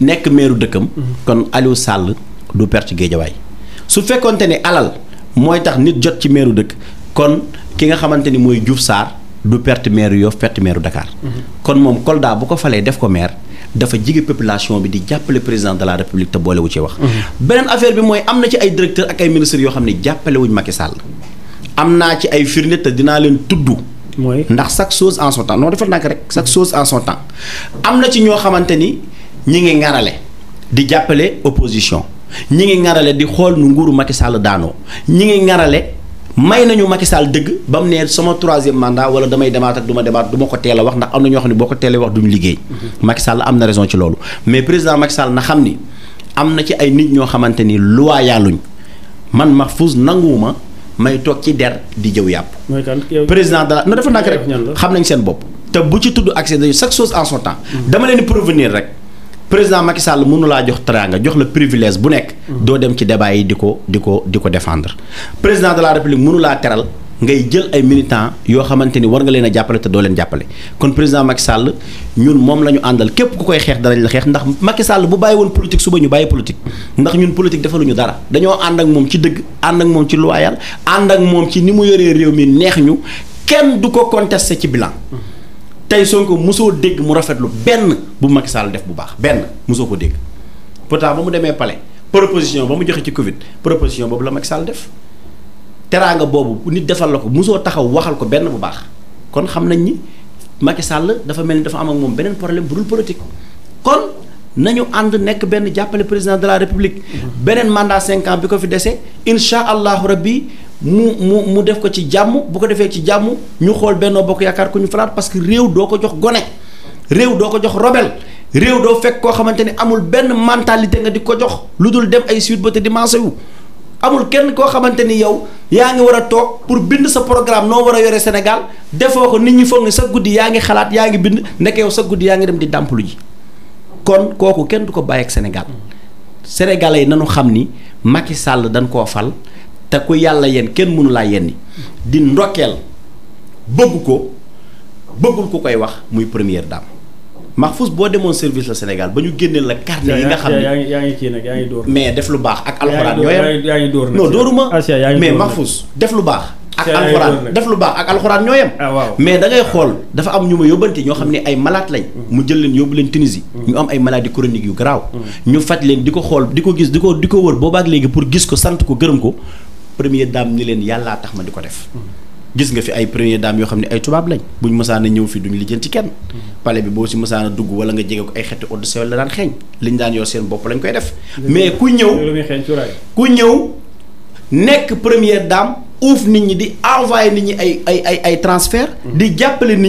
nekk meeru dëkkam. kon Aliou sàll du perte géejawaay su fekkonte ne alal mooy tax nit jot ci meeru dëkk kon ki nga xamante ni mooy Diouf Sarr du perte meeru Yoff perte meeru Dakar. kon moom Kolda bu ko falee def ko maire dafa jige population bi di jàppale président de la république te wu ci wax. beneen affaire bi mooy am na ci ay directeur ak ay ministres yoo xam ne jàppalewuñ Macky Sall am naa ci ay firnde te dinaa leen tudd. mooy ndax chaque chose en son temps non defal rek chaque chose en son temps am na ci ñoo xamante ni. ñi ngi ŋarale di jàppale opposition ñi ngi ŋarale di xool nu nguuru Macky Sall daanoo ñi ngi ŋarale may nañu Macky Sall dëgg ba mu nee sama troisième mandat wala damay demaat ak du ma demaat du ma ko teel wax ndax am na ñoo xam ne boo ko teelee wax duñu liggéey. Mhm. Macky Sall am na raison ci loolu mais président Macky Sall na xam ni am na ci ay nit ñoo xamante ni luwaayaaluñ man Mahfouz nanguwuma may toog ci der di jëw yàpp. président de la non dafa nag rek nañ seen bopp. te bu ci tudd en son temps. Mhm. dama leen di président Macky Sall mënu laa jox teraanga jox la privilège bu nekk. doo dem ci débat yi di ko di ko di ko défendre. président de la république mënu laa teral ngay jël ay militants yoo xamante ni war nga leen a jàppale te doo leen jàppale kon président Macky Sall ñun moom la ñu àndal képp ku koy xeex danañ la xeex ndax Macky Sall bu bàyyi woon politique suba ñu bàyyi politique ndax ñun politique defaluñu dara dañoo ànd ak moom ci dëgg ànd ak moom ci loyal ànd ak moom ci ni mu yoree réew mi neex ñu kenn du ko contesté ci bilan. tey Sonko mosoo dégg mu rafetlu benn bu Macky Sall def bu baax benn mosoo ko dégg pourtant ba mu demee palais proposition ba mu joxee ci Covid proposition boobu la Macky Sall def teraanga boobu nit defal la ko mosoo taxaw waxal ko benn bu baax kon xam nañ ni Macky Sall dafa mel ni dafa am moom beneen problème bu dul politique kon nañu ànd nekk benn jàppale président de la république mm-hmm. beneen mandat cinq bi ko fi dese incha allahu rabbi mu mu mu def ko ci jàmm bu ko defee ci jàmm ñu xool Benno Bokk Yaakaar ku ñu falaat parce que réew doo ko jox gone réew doo ko jox robel réew doo fekk koo xamante ni amul benn mentalité nga di ko jox lu dul dem ay suite ba te dimanche wu amul kenn koo xamante ni yow yaa ngi war a toog pour bind sa programme noo war a yore Sénégal defoo ko nit ñi foog sa guddi yaa ngi xalaat yaa ngi bind ndeke yow sa guddi yaa ngi dem di dàmpalu ji kon kooku kenn du ko bàyyi ak Sénégal yi nañu xam ni Macky Sall dañ koo fal. te ku yàlla yenn kenn mënulaa laa yenni di ndokkeel bëgg ko bëggul ku koy wax muy première dame Mahfouz boo demoon service la Sénégal ba ñu génneel la carnet yi nga xam ne yaa yaa ngi kii yaa ngi dóor mais def lu baax ak alxuraan ñooyam yaa ngi dóor non dóoruma ah, mais Mahfouz def lu baax ak alxuraan def lu baax ak alxuraan ñooyam ah, mais da ngay xool dafa am ñu ma yóbbante ñoo xam ne ay malaat lañ mu jël leen yóbbu leen Tunisie ñu am ay maladies chroniques yu garaaw mm. ñu faj leen di ko xool di ko gis di ko di ko wër boobaak léegi pour gis ko sant ko gërëm ko première dame ni leen yàllaa tax ma di ko def. Hmm. gis nga fi ay première dame yoo xam ne ay tubaab lañ buñ mësaana ñëw fi duñ lijjanti kenn. Hmm. pale bi boo si mësaana dugg wala nga jege ko ay xeeti eau sewel la daan xeeñ liñ daan yor seen bopp lañ koy def. mais ku ñëw ku ñëw nekk première dame uuf nit ñi di envoyé nit ñi ay ay ay ay transfert. Hmm. di jàppale nit